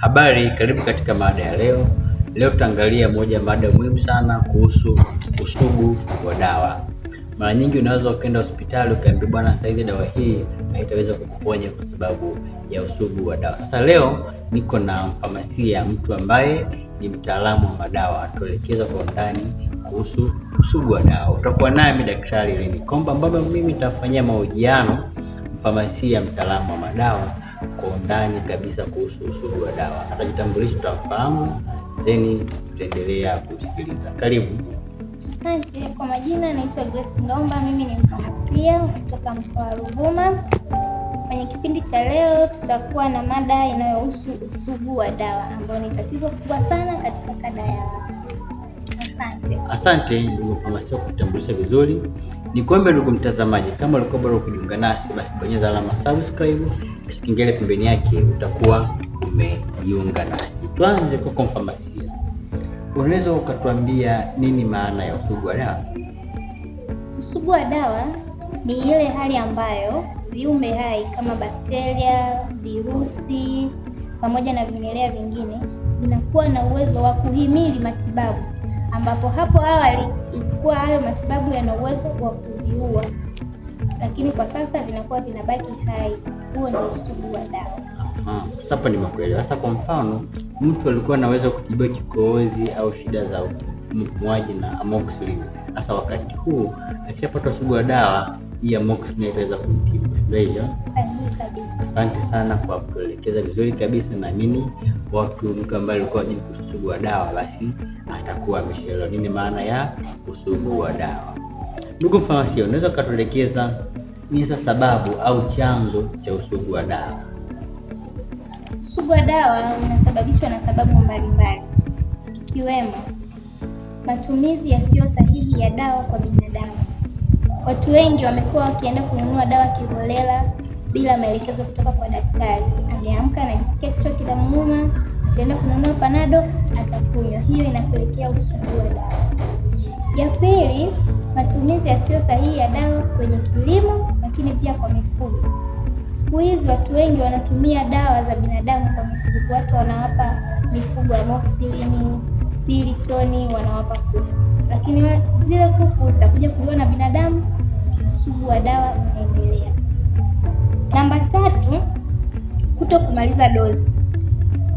Habari, karibu katika mada ya leo. Leo tutaangalia moja mada muhimu sana kuhusu usugu wa dawa. Mara nyingi unaweza ukaenda hospitali ukaambia, bwana, saizi dawa hii haitaweza kukuponya kwa sababu ya usugu wa dawa. Sasa leo niko na mfamasia, mtu ambaye ni mtaalamu wa madawa, atuelekeza kwa undani kuhusu usugu wa dawa. Utakuwa nami Daktari Leni Komba, ambapo mimi nitafanyia mahojiano mfamasia, mtaalamu wa madawa kwa undani kabisa kuhusu usugu wa dawa. Atajitambulisha, tutamfahamu zeni, tutaendelea kumsikiliza. Karibu. Asante. Kwa majina naitwa Grace Ndomba, mimi ni mfamasia kutoka mkoa wa Ruvuma. Kwenye kipindi cha leo tutakuwa na mada inayohusu usugu wa dawa ambayo ni tatizo kubwa sana katika kada ya Asante, asante ndugu mfamasia kutambulisha vizuri. Nikuombe ndugu mtazamaji, kama ulikuwa bado kujiunga nasi, basi bonyeza alama subscribe, kengele pembeni yake, utakuwa umejiunga nasi. Tuanze kwa mfamasia, unaweza ukatuambia nini maana ya usugu wa dawa? Usugu wa dawa ni ile hali ambayo viumbe hai kama bakteria, virusi pamoja na vimelea vingine vinakuwa na uwezo wa kuhimili matibabu ambapo hapo awali ilikuwa hayo matibabu yana uwezo wa kuviua, lakini kwa sasa vinakuwa vinabaki hai. Huo ndio usugu wa dawa. Sasa nimekuelewa. Sasa kwa mfano, mtu alikuwa anaweza kutibiwa kikohozi au shida za upumuaji na amoxicillin. Sasa wakati huu akishapata usugu wa dawa hii amoxicillin itaweza kumtibu, sio hivyo? Asante sana kwa kutuelekeza vizuri kabisa. Naamini watu, mtu ambaye alikuwa ajili kusugua wa dawa, basi atakuwa ameshaelewa nini maana ya usugu wa dawa. Ndugu mfamasia, unaweza ukatuelekeza ni sababu au chanzo cha usugu wa dawa? Usugu wa dawa unasababishwa na sababu mbalimbali ikiwemo matumizi yasiyo sahihi ya dawa kwa binadamu. Watu wengi wamekuwa wakienda kununua dawa kiholela bila maelekezo kutoka kwa daktari. Ameamka anajisikia kichwa kinamuuma, ataenda kununua panado, atakunywa. Hiyo inapelekea usugu wa dawa. Ya pili, matumizi yasiyo sahihi ya dawa kwenye kilimo, lakini pia kwa mifugo. Siku hizi watu wengi wanatumia dawa za binadamu kwa mifugo. Watu wanawapa mifugo amoxicillin, piriton, wanawapa kuku, lakini zile kuku zitakuja kuliwa na binadamu, usugu wa dawa unaendelea. kuto kumaliza dozi.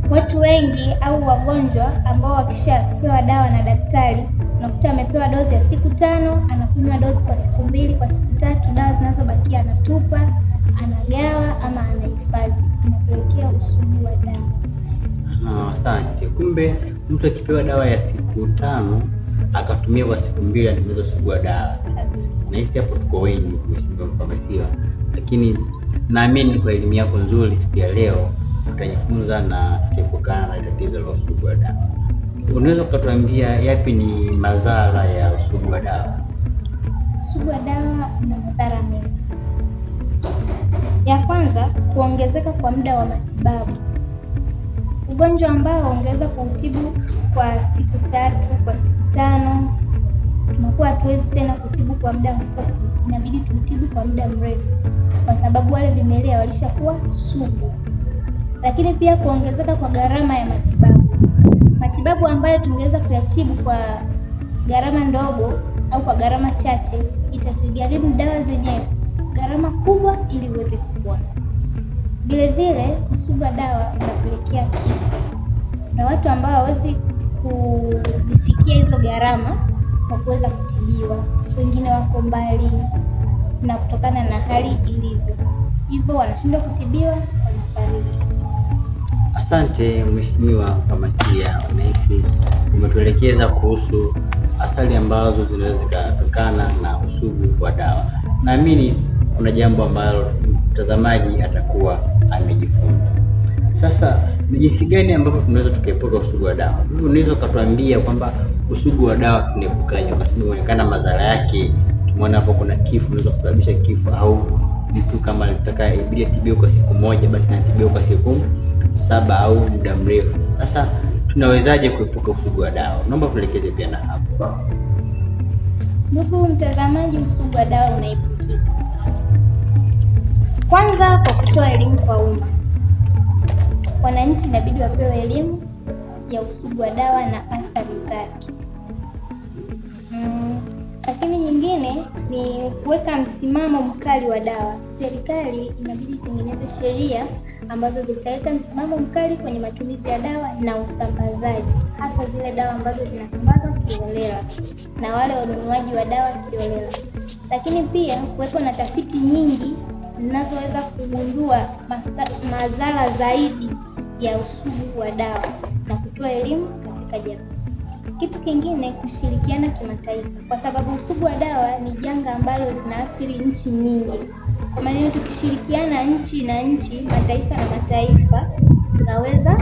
Watu wengi au wagonjwa ambao wakishapewa dawa na daktari, unakuta amepewa dozi ya siku tano, anakunywa dozi kwa siku mbili, kwa siku tatu, dawa zinazobakia anatupa, anagawa ama anahifadhi, inapelekea usumbufu wa dawa. Ah, asante. Kumbe mtu akipewa dawa ya siku tano akatumia kwa siku mbili, anaweza sugua dawa. Nahisi hapo tuko wengi, mheshimiwa mfamasia lakini naamini kwa elimu yako nzuri siku ya leo tutajifunza na tutaepukana na tatizo la usugu wa dawa. Unaweza ukatuambia yapi ni madhara ya usugu wa dawa? Usugu wa dawa una madhara mengi. Ya kwanza, kuongezeka kwa muda wa matibabu, ugonjwa ambao ungeweza kuutibu kwa siku tatu, kwa siku tano, tunakuwa hatuwezi tena kutibu kwa muda mfupi inabidi tumtibu kwa muda mrefu, kwa sababu wale vimelea walishakuwa sugu. Lakini pia kuongezeka kwa gharama ya matibabu, matibabu ambayo tungeweza kuyatibu kwa gharama ndogo au kwa gharama chache, itatugharimu dawa zenyewe gharama kubwa ili uweze kupona. Vile vile usugu dawa unapelekea kifo, na watu ambao hawawezi kuzifikia hizo gharama kwa kuweza kutibiwa wengine wako mbali na kutokana na hali ilivyo, hivyo wanashindwa kutibiwa, wanafariki. Asante Mheshimiwa Mfamasia Messi, umetuelekeza kuhusu asali ambazo zinaweza zikatokana na usugu wa dawa. Naamini kuna jambo ambalo mtazamaji atakuwa amejifunza. Sasa ni jinsi gani ambavyo tunaweza tukaepuka usugu wa dawa? Unaweza ukatuambia kwamba usugu wa dawa tunaepukanya, kwa sababu inaonekana madhara yake. Tumeona hapo kuna kifo, unaweza kusababisha kifo, au mtu kama anataka ibidi atibiwe kwa siku moja, basi natibiwe kwa siku saba au muda mrefu. Sasa tunawezaje kuepuka usugu wa dawa? Naomba tuelekeze pia na hapo. Ndugu mtazamaji, usugu wa dawa unaepukika kwanza kwa kutoa elimu kwa umma. Wananchi inabidi wapewe elimu ya usugu wa dawa na athari zake. Mm, lakini nyingine ni kuweka msimamo mkali wa dawa. Serikali inabidi itengeneze sheria ambazo zitaleta msimamo mkali kwenye matumizi ya dawa na usambazaji, hasa zile dawa ambazo zinasambazwa kiholela na wale wanunuaji wa dawa kiholela. Lakini pia kuwepo na tafiti nyingi zinazoweza kugundua madhara zaidi ya usugu wa dawa na kutoa elimu katika jamii. Kitu kingine, kushirikiana kimataifa, kwa sababu usugu wa dawa ni janga ambalo linaathiri nchi nyingi. Kwa maana tukishirikiana nchi na nchi, mataifa na mataifa, tunaweza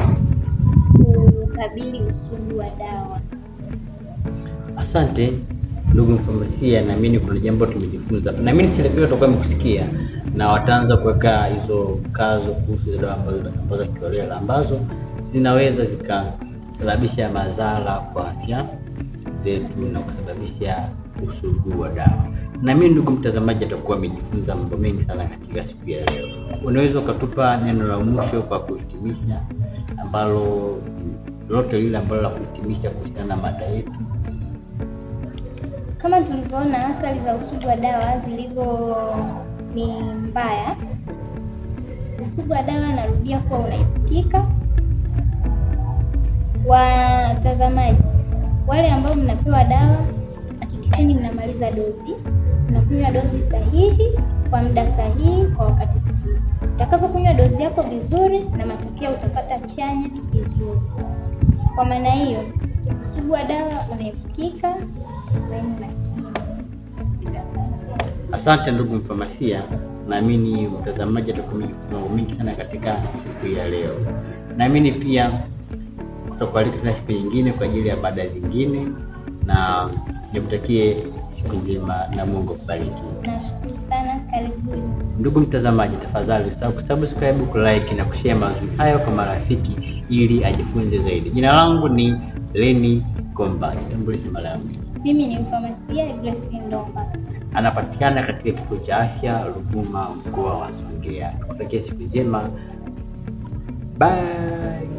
kukabili usugu wa dawa. Asante ndugu mfamasia, naamini kuna jambo tumejifunza, naamini serikali utakuwa imekusikia na wataanza kuweka hizo kazo kuhusu zile dawa ambazo zinasambaza kiholela ambazo zinaweza zikasababisha madhara kwa afya zetu na kusababisha usugu wa dawa. Na mimi ndugu mtazamaji, atakuwa amejifunza mambo mengi sana katika siku ya leo. Unaweza ukatupa neno la mwisho kwa kuhitimisha, ambalo lolote lile ambalo la kuhitimisha kuhusiana na mada yetu. Kama tulivyoona athari za usugu wa dawa zilivyo ni mbaya, usugu wa dawa narudia kuwa unaepukika. Watazamaji wale ambao mnapewa dawa, hakikisheni mnamaliza dozi, mnakunywa dozi sahihi kwa muda sahihi kwa wakati sahihi. Utakapokunywa dozi yako vizuri, na matokeo utapata chanya vizuri. Kwa maana hiyo, usugu wa dawa unaepukika. Asante ndugu mfamasia, naamini mtazamaji atakuwa amejifunza mambo mingi sana katika siku ya leo. Naamini pia tutakualika tena siku nyingine kwa ajili ya baada zingine, na nikutakie siku njema na Mungu kubariki sana, karibuni. Ndugu mtazamaji, tafadhali usahau kulike na kushare mazuri hayo kwa marafiki ili ajifunze zaidi. Jina langu ni Leni Komba, jitambulishe mara mimi ni mfamasia Grace Ndomba. Anapatikana katika kituo cha afya Ruvuma, mkoa wa Songea. Kutakia siku njema. Bye.